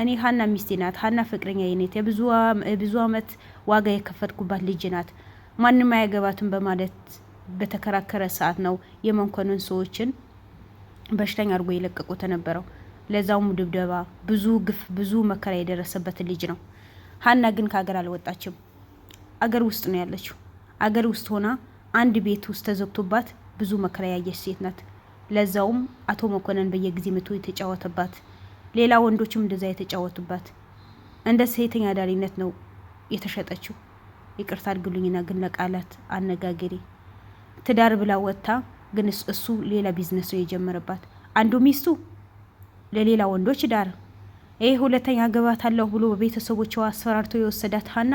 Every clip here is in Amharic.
እኔ ሀና ሚስቴ ናት። ሀና ፍቅረኛ ይኔት የብዙ አመት ዋጋ የከፈትኩባት ልጅ ናት። ማንም አያገባትም በማለት በተከራከረ ሰዓት ነው የመንኮንን ሰዎችን በሽተኛ አድርጎ የለቀቁት ነበረው ለዛውም ድብደባ፣ ብዙ ግፍ፣ ብዙ መከራ የደረሰበት ልጅ ነው። ሀና ግን ከሀገር አልወጣችም። አገር ውስጥ ነው ያለችው። አገር ውስጥ ሆና አንድ ቤት ውስጥ ተዘግቶባት ብዙ መከራ ያየች ሴት ናት። ለዛውም አቶ መኮንን በየጊዜ መቶ የተጫወተባት ሌላ ወንዶችም እንደዛ የተጫወቱባት እንደ ሴተኛ አዳሪነት ነው የተሸጠችው። ይቅርታ አድግሉኝና ግን ለቃላት አነጋገሬ ትዳር ብላ ወጥታ ግን እሱ ሌላ ቢዝነስ ነው የጀመረባት። አንዱ ሚስቱ ለሌላ ወንዶች ዳር ይህ ሁለተኛ አለሁ ብሎ በቤተሰቦቿ አስፈራርቶ የወሰዳት ሀና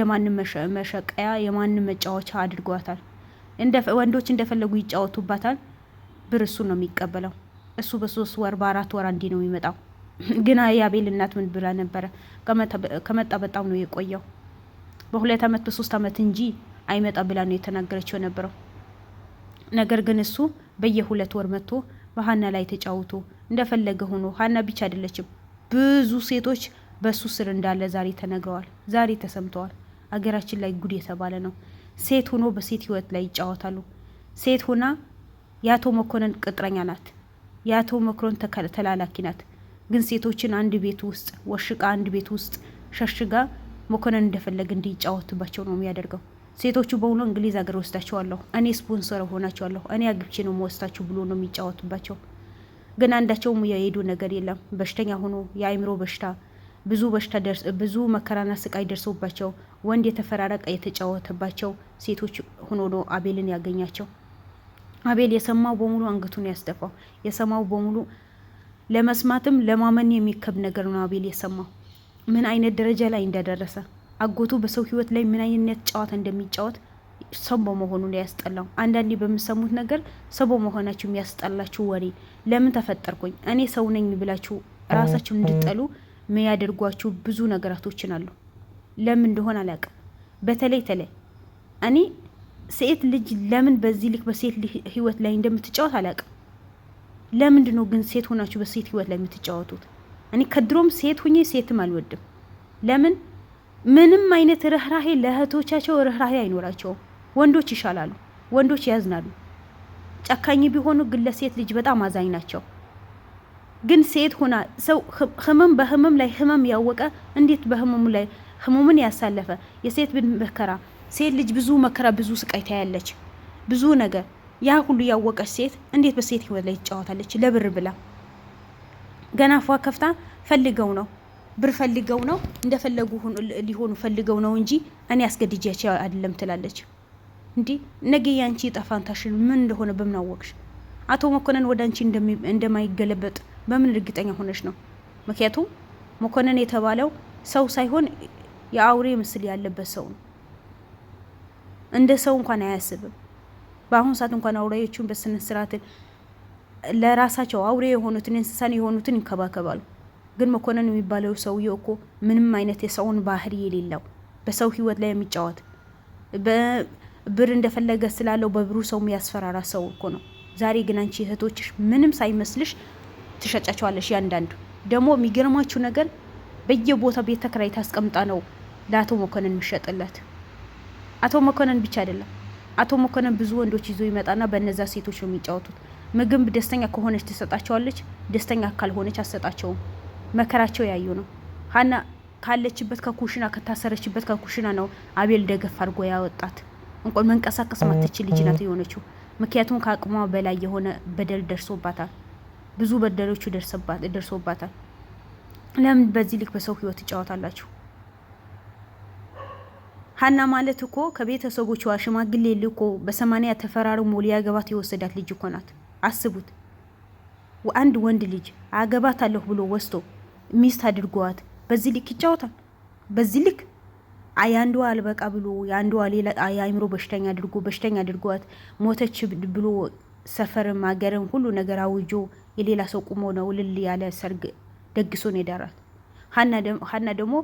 የማንም መሸቀያ የማንም መጫወቻ አድርጓታል። ወንዶች እንደፈለጉ ይጫወቱባታል። ብር እሱ ነው የሚቀበለው። እሱ በሶስት ወር በአራት ወር አንዴ ነው የሚመጣው። ግን የአቤል እናት ምን ብላ ነበረ? ከመጣ በጣም ነው የቆየው በሁለት አመት በሶስት አመት እንጂ አይመጣ ብላ ነው የተናገረችው የነበረው። ነገር ግን እሱ በየሁለት ወር መጥቶ በሀና ላይ ተጫውቶ እንደፈለገ ሆኖ፣ ሀና ብቻ አይደለችም ብዙ ሴቶች በእሱ ስር እንዳለ ዛሬ ተነግረዋል፣ ዛሬ ተሰምተዋል። አገራችን ላይ ጉድ የተባለ ነው። ሴት ሆኖ በሴት ህይወት ላይ ይጫወታሉ። ሴት ሆና የአቶ መኮንን ቅጥረኛ ናት። የአቶ መክሮን ተላላኪ ናት። ግን ሴቶችን አንድ ቤት ውስጥ ወሽቃ አንድ ቤት ውስጥ ሸሽጋ መኮንን እንደፈለገ እንዲጫወትባቸው ነው የሚያደርገው። ሴቶቹ በሙሉ እንግሊዝ ሀገር ወስዳቸዋለሁ፣ እኔ ስፖንሰር ሆናቸዋለሁ፣ እኔ አግብቼ ነው መወስዳችሁ ብሎ ነው የሚጫወትባቸው። ግን አንዳቸውም የሄዱ ነገር የለም። በሽተኛ ሆኖ የአይምሮ በሽታ ብዙ በሽታ ብዙ መከራና ስቃይ ደርሶባቸው ወንድ የተፈራረቀ የተጫወተባቸው ሴቶች ሆኖ ነው አቤልን ያገኛቸው። አቤል የሰማው በሙሉ አንገቱን ያስደፋው፣ የሰማው በሙሉ ለመስማትም ለማመን የሚከብድ ነገር ነው። አቤል የሰማው ምን አይነት ደረጃ ላይ እንዳደረሰ አጎቱ በሰው ህይወት ላይ ምን አይነት ጨዋታ እንደሚጫወት ሰው በመሆኑ ላይ ያስጠላው። አንዳንዴ በምሰሙት ነገር ሰው በመሆናችሁ የሚያስጠላችሁ ወሬ ለምን ተፈጠርኩኝ እኔ ሰው ነኝ ብላችሁ ራሳችሁ እንድጠሉ የሚያደርጓችሁ ብዙ ነገራቶችን አሉ። ለምን እንደሆነ አላውቅም። በተለይ ተለይ እኔ ሴት ልጅ ለምን በዚህ ልክ በሴት ህይወት ላይ እንደምትጫወት አላውቅም። ለምንድን ነው ግን ሴት ሆናችሁ በሴት ህይወት ላይ የምትጫወቱት? እኔ ከድሮም ሴት ሁኜ ሴትም አልወድም። ለምን ምንም አይነት ርኅራሄ ለእህቶቻቸው ርኅራሄ አይኖራቸውም። ወንዶች ይሻላሉ፣ ወንዶች ያዝናሉ። ጨካኝ ቢሆኑ ግን ለሴት ልጅ በጣም አዛኝ ናቸው። ግን ሴት ሆና ሰው ህመም በህመም ላይ ህመም ያወቀ እንዴት በህመሙ ላይ ህመሙን ያሳለፈ የሴት ብን መከራ ሴት ልጅ ብዙ መከራ፣ ብዙ ስቃይ ታያለች፣ ብዙ ነገር። ያ ሁሉ ያወቀች ሴት እንዴት በሴት ህይወት ላይ ትጫወታለች? ለብር ብላ ገና ፏ ከፍታ ፈልገው ነው ብር ፈልገው ነው እንደፈለጉ ሊሆኑ ፈልገው ነው እንጂ እኔ አስገድጃቸው አይደለም ትላለች። እንዲህ ነገ ያንቺ ዕጣ ምን እንደሆነ በምን አወቅሽ? አቶ መኮንን ወደ አንቺ እንደማይገለበጥ በምን እርግጠኛ ሆነች ነው? ምክንያቱም መኮንን የተባለው ሰው ሳይሆን የአውሬ ምስል ያለበት ሰው ነው። እንደ ሰው እንኳን አያስብም። በአሁኑ ሰዓት እንኳን አውሬዎቹን በስነ ስርዓትን ለራሳቸው አውሬ የሆኑትን እንስሳን የሆኑትን ይንከባከባሉ። ግን መኮንን የሚባለው ሰውዬ እኮ ምንም አይነት የሰውን ባህሪ የሌለው በሰው ህይወት ላይ የሚጫወት ብር እንደፈለገ ስላለው በብሩ ሰው የሚያስፈራራ ሰው እኮ ነው። ዛሬ ግን አንቺ እህቶችሽ ምንም ሳይመስልሽ ትሸጫቸዋለሽ። ያንዳንዱ ደግሞ የሚገርማችሁ ነገር በየቦታ ቤት ተከራይ ታስቀምጣ ነው ለአቶ መኮንን የሚሸጥለት። አቶ መኮንን ብቻ አይደለም። አቶ መኮንን ብዙ ወንዶች ይዞ ይመጣና በእነዛ ሴቶች ነው የሚጫወቱት። ምግብ ደስተኛ ከሆነች ትሰጣቸዋለች፣ ደስተኛ ካልሆነች አሰጣቸውም መከራቸው ያዩ ነው። ሀና ካለችበት ከኩሽና ከታሰረችበት ከኩሽና ነው አቤል ደገፍ አድርጎ ያወጣት። እንኳን መንቀሳቀስ ማትችል ልጅ ናት የሆነችው። ምክንያቱም ከአቅሟ በላይ የሆነ በደል ደርሶባታል። ብዙ በደሎቹ ደርሶባታል። ለምን በዚህ ልክ በሰው ህይወት ትጫወታላችሁ? ሀና ማለት እኮ ከቤተሰቦቿ ሽማግሌ ልኮ በሰማንያ ተፈራርሞ ሊያገባት የወሰዳት ልጅ እኮ ናት። አስቡት፣ አንድ ወንድ ልጅ አገባት አለሁ ብሎ ወስቶ ሚስት አድርገዋት በዚህ ልክ ይጫወታል። በዚህ ልክ የአንዷ አልበቃ ብሎ የአንዷ ሌላ የአይምሮ በሽተኛ አድርጎ በሽተኛ አድርገዋት ሞተች ብሎ ሰፈርም አገርም ሁሉ ነገር አውጆ የሌላ ሰው ቁሞ ነው ልል ያለ ሰርግ ደግሶ ነው የዳራት። ሀና ደግሞ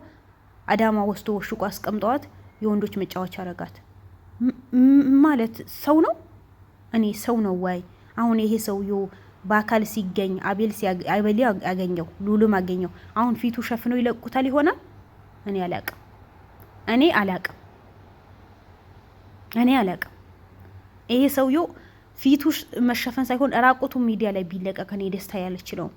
አዳማ ወስዶ ወሽቆ አስቀምጠዋት የወንዶች መጫወቻ አረጋት ማለት ሰው ነው። እኔ ሰው ነው ወይ? አሁን ይሄ ሰውዬው በአካል ሲገኝ አቤል አይበሌ ያገኘው ሉልም አገኘው አሁን ፊቱ ሸፍነው ይለቁታል ይሆናል። እኔ አላቅም፣ እኔ አላቅም፣ እኔ አላቅም። ይሄ ሰውዬው ፊቱ መሸፈን ሳይሆን ራቁቱ ሚዲያ ላይ ቢለቀቅ እኔ ደስታ ነው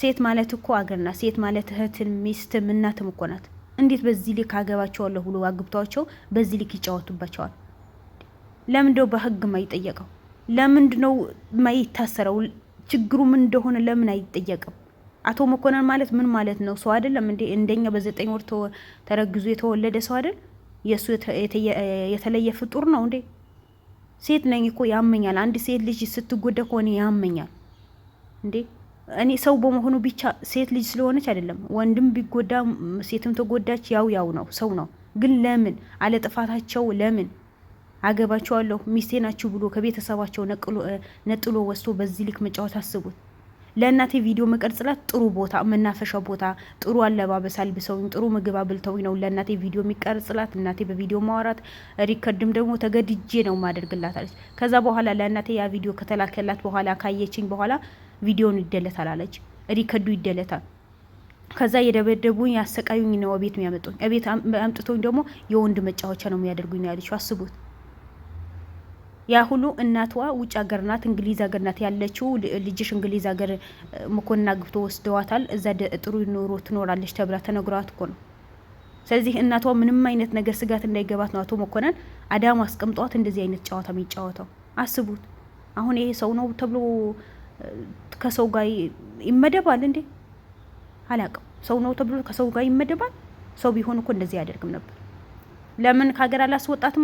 ሴት ማለት እኮ አገርና ሴት ማለት እህትን፣ ሚስትም እናትም እኮ ናት። እንዴት በዚህ ልክ አገባቸዋለሁ ብሎ አግብተዋቸው በዚህ ልክ ይጫወቱባቸዋል? ለምንድነው በህግ ማይጠየቀው? ለምንድነው ማይታሰረው? ችግሩ ምን እንደሆነ ለምን አይጠየቅም? አቶ መኮንን ማለት ምን ማለት ነው? ሰው አይደለም እንዴ? እንደኛ በዘጠኝ ወር ተረግዞ የተወለደ ሰው አይደል? የእሱ የተለየ ፍጡር ነው እንዴ? ሴት ነኝ እኮ ያመኛል። አንድ ሴት ልጅ ስትጎዳ ከሆነ ያመኛል እንዴ? እኔ ሰው በመሆኑ ብቻ ሴት ልጅ ስለሆነች አይደለም። ወንድም ቢጎዳ ሴትም ተጎዳች፣ ያው ያው ነው፣ ሰው ነው። ግን ለምን አለ ጥፋታቸው ለምን አገባቸዋለሁ ሚስቴ ናችሁ ብሎ ከቤተሰባቸው ነጥሎ ወስቶ በዚህ ልክ መጫወት አስቡት። ለእናቴ ቪዲዮ መቀርጽላት ጥሩ ቦታ መናፈሻ ቦታ ጥሩ አለባበስ አልብሰውኝ ጥሩ ምግብ አብልተውኝ ነው ለእናቴ ቪዲዮ የሚቀርጽላት። እናቴ በቪዲዮ ማውራት ሪከርድም ደግሞ ተገድጄ ነው ማደርግላት አለች። ከዛ በኋላ ለእናቴ ያ ቪዲዮ ከተላከላት በኋላ ካየችኝ በኋላ ቪዲዮን ይደለታል አለች። ሪከዱ ይደለታል። ከዛ የደበደቡኝ ያሰቃዩኝ ነው ቤት የሚያመጡኝ። ቤት አምጥቶኝ ደግሞ የወንድ መጫወቻ ነው የሚያደርጉኝ ያለችው። አስቡት። ያ ሁሉ እናቷ ውጭ ሀገር ናት፣ እንግሊዝ ሀገር ናት ያለችው። ልጅሽ እንግሊዝ ሀገር መኮንን አግብቶ ወስደዋታል፣ እዛ ጥሩ ኑሮ ትኖራለች ተብላ ተነግሯት እኮ ነው። ስለዚህ እናቷ ምንም አይነት ነገር ስጋት እንዳይገባት ነው አቶ መኮንን አዳማ አስቀምጧት እንደዚህ አይነት ጨዋታ የሚጫወተው። አስቡት። አሁን ይሄ ሰው ነው ተብሎ ከሰው ጋር ይመደባል እንዴ? አላውቅም። ሰው ነው ተብሎ ከሰው ጋር ይመደባል? ሰው ቢሆን እኮ እንደዚህ አያደርግም ነበር። ለምን ከሀገር አላስወጣት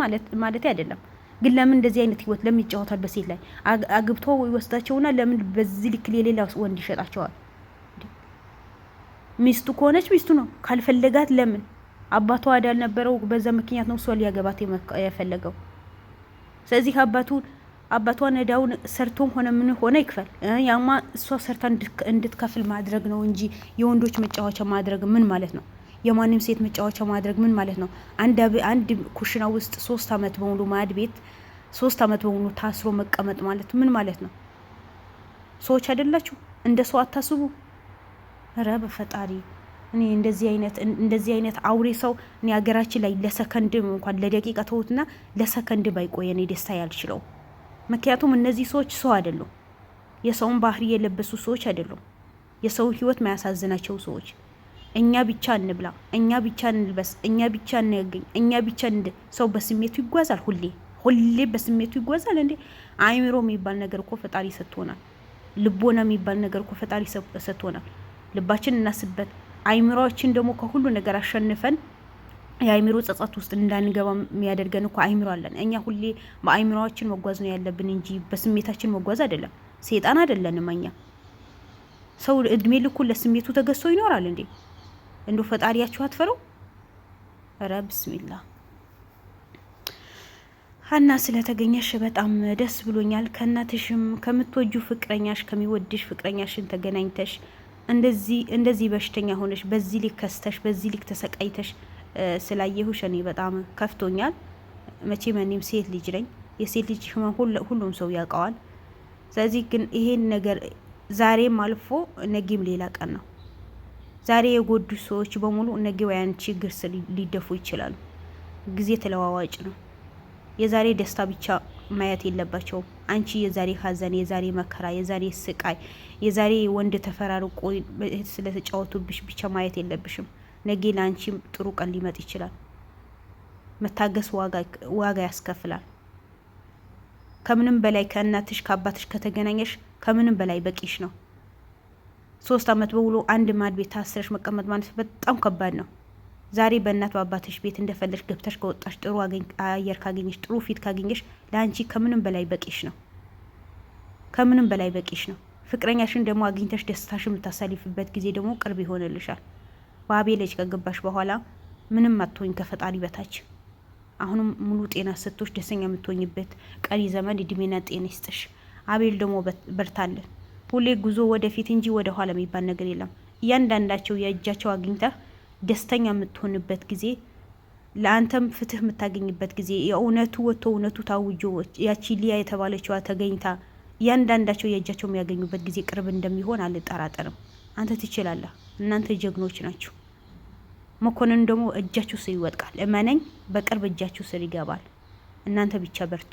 ማለት አይደለም፣ ግን ለምን እንደዚህ አይነት ህይወት ለምን ይጫወታል? በሴት ላይ አግብቶ ይወስዳቸውና ለምን በዚህ ልክ የሌላ ወንድ ይሸጣቸዋል? ሚስቱ ከሆነች ሚስቱ ነው። ካልፈለጋት ለምን አባቷ አዳል ነበረው። በዛ ምክንያት ነው እሷ ሊያገባት የፈለገው። ስለዚህ አባቱ አባቷ ነዳውን ሰርቶም ሆነ ምን ሆነ ይክፈል። ያማ እሷ ሰርታ እንድትከፍል ማድረግ ነው እንጂ የወንዶች መጫወቻ ማድረግ ምን ማለት ነው? የማንም ሴት መጫወቻ ማድረግ ምን ማለት ነው? አንድ ኩሽና ውስጥ ሶስት አመት በሙሉ ማድ ቤት ሶስት አመት በሙሉ ታስሮ መቀመጥ ማለት ምን ማለት ነው? ሰዎች አይደላችሁ? እንደ ሰው አታስቡ። ረ በፈጣሪ እኔ እንደዚህ አይነት እንደዚህ አይነት አውሬ ሰው እኔ ሀገራችን ላይ ለሰከንድም እንኳን ለደቂቃ ተውትና ባይቆየ አይቆየን ደስታ ያልችለው ምክንያቱም እነዚህ ሰዎች ሰው አይደሉም። የሰውን ባህሪ የለበሱ ሰዎች አይደሉም። የሰውን ህይወት ማያሳዝናቸው ሰዎች እኛ ብቻ እንብላ፣ እኛ ብቻ እንልበስ፣ እኛ ብቻ እንገኝ፣ እኛ ብቻ እንድ ሰው በስሜቱ ይጓዛል። ሁሌ ሁሌ በስሜቱ ይጓዛል። እንዴ አእምሮ የሚባል ነገር እኮ ፈጣሪ ሰጥቶናል። ልቦና የሚባል ነገር እኮ ፈጣሪ ሰጥቶናል። ልባችን እናስበት። አእምሮአችን ደግሞ ከሁሉ ነገር አሸንፈን የአይምሮ ጸጸት ውስጥ እንዳንገባ የሚያደርገን እኮ አይምሮ አለን። እኛ ሁሌ በአይምሮአችን መጓዝ ነው ያለብን እንጂ በስሜታችን መጓዝ አይደለም። ሴጣን አይደለንም እኛ። ሰው እድሜ ልኩ ለስሜቱ ተገዝቶ ይኖራል እንዴ? እንዶ ፈጣሪያችሁ አትፈረው ረ ብስሚላ ሀና ስለተገኘሽ በጣም ደስ ብሎኛል። ከእናትሽም ከምትወጁ ፍቅረኛሽ ከሚወድሽ ፍቅረኛሽን ተገናኝተሽ እንደዚህ እንደዚህ በሽተኛ ሆነሽ በዚህ ልክ ከስተሽ በዚህ ልክ ተሰቃይተሽ ስላየሁሽ እኔ በጣም ከፍቶኛል። መቼም እኔም ሴት ልጅ ነኝ። የሴት ልጅ ህመም ሁሉም ሰው ያውቀዋል። ስለዚህ ግን ይሄን ነገር ዛሬም አልፎ ነጌም ሌላ ቀን ነው። ዛሬ የጎዱ ሰዎች በሙሉ ነገ ወያን ችግር ስር ሊደፉ ይችላሉ። ጊዜ ተለዋዋጭ ነው። የዛሬ ደስታ ብቻ ማየት የለባቸውም። አንቺ የዛሬ ሀዘን፣ የዛሬ መከራ፣ የዛሬ ስቃይ፣ የዛሬ ወንድ ተፈራርቆ ስለተጫወቱብሽ ብቻ ማየት የለብሽም። ነገ ለአንቺም ጥሩ ቀን ሊመጥ ይችላል። መታገስ ዋጋ ያስከፍላል። ከምንም በላይ ከእናትሽ ከአባትሽ ከተገናኘሽ ከምንም በላይ በቂሽ ነው። ሶስት አመት በውሎ አንድ ማድ ቤት ታስረሽ መቀመጥ ማለት በጣም ከባድ ነው። ዛሬ በእናት በአባትሽ ቤት እንደፈለሽ ገብተሽ ከወጣሽ ጥሩ አየር ካገኘሽ ጥሩ ፊት ካገኘሽ ለአንቺ ከምንም በላይ በቂሽ ነው። ከምንም በላይ በቂሽ ነው። ፍቅረኛሽን ደግሞ አግኝተሽ ደስታሽ የምታሳልፍበት ጊዜ ደግሞ ቅርብ ይሆንልሻል። በአቤል እጅ ከገባሽ በኋላ ምንም አትሆኝ ከፈጣሪ በታች። አሁንም ሙሉ ጤና ስቶች ደስተኛ የምትሆኝበት ቀሪ ዘመን እድሜና ጤና ይስጥሽ። አቤል ደግሞ በርታለን። ሁሌ ጉዞ ወደፊት እንጂ ወደ ኋላ የሚባል ነገር የለም። እያንዳንዳቸው የእጃቸው አግኝታ ደስተኛ የምትሆንበት ጊዜ፣ ለአንተም ፍትህ የምታገኝበት ጊዜ፣ የእውነቱ ወጥቶ እውነቱ ታውጆ ያቺ ሊያ የተባለችዋ ተገኝታ እያንዳንዳቸው የእጃቸው የሚያገኙበት ጊዜ ቅርብ እንደሚሆን አልጠራጠርም። አንተ ትችላለህ። እናንተ ጀግኖች ናችሁ። መኮንን ደግሞ እጃችሁ ስር ይወጥቃል። እመነኝ፣ በቅርብ እጃችሁ ስር ይገባል። እናንተ ብቻ በርቱ።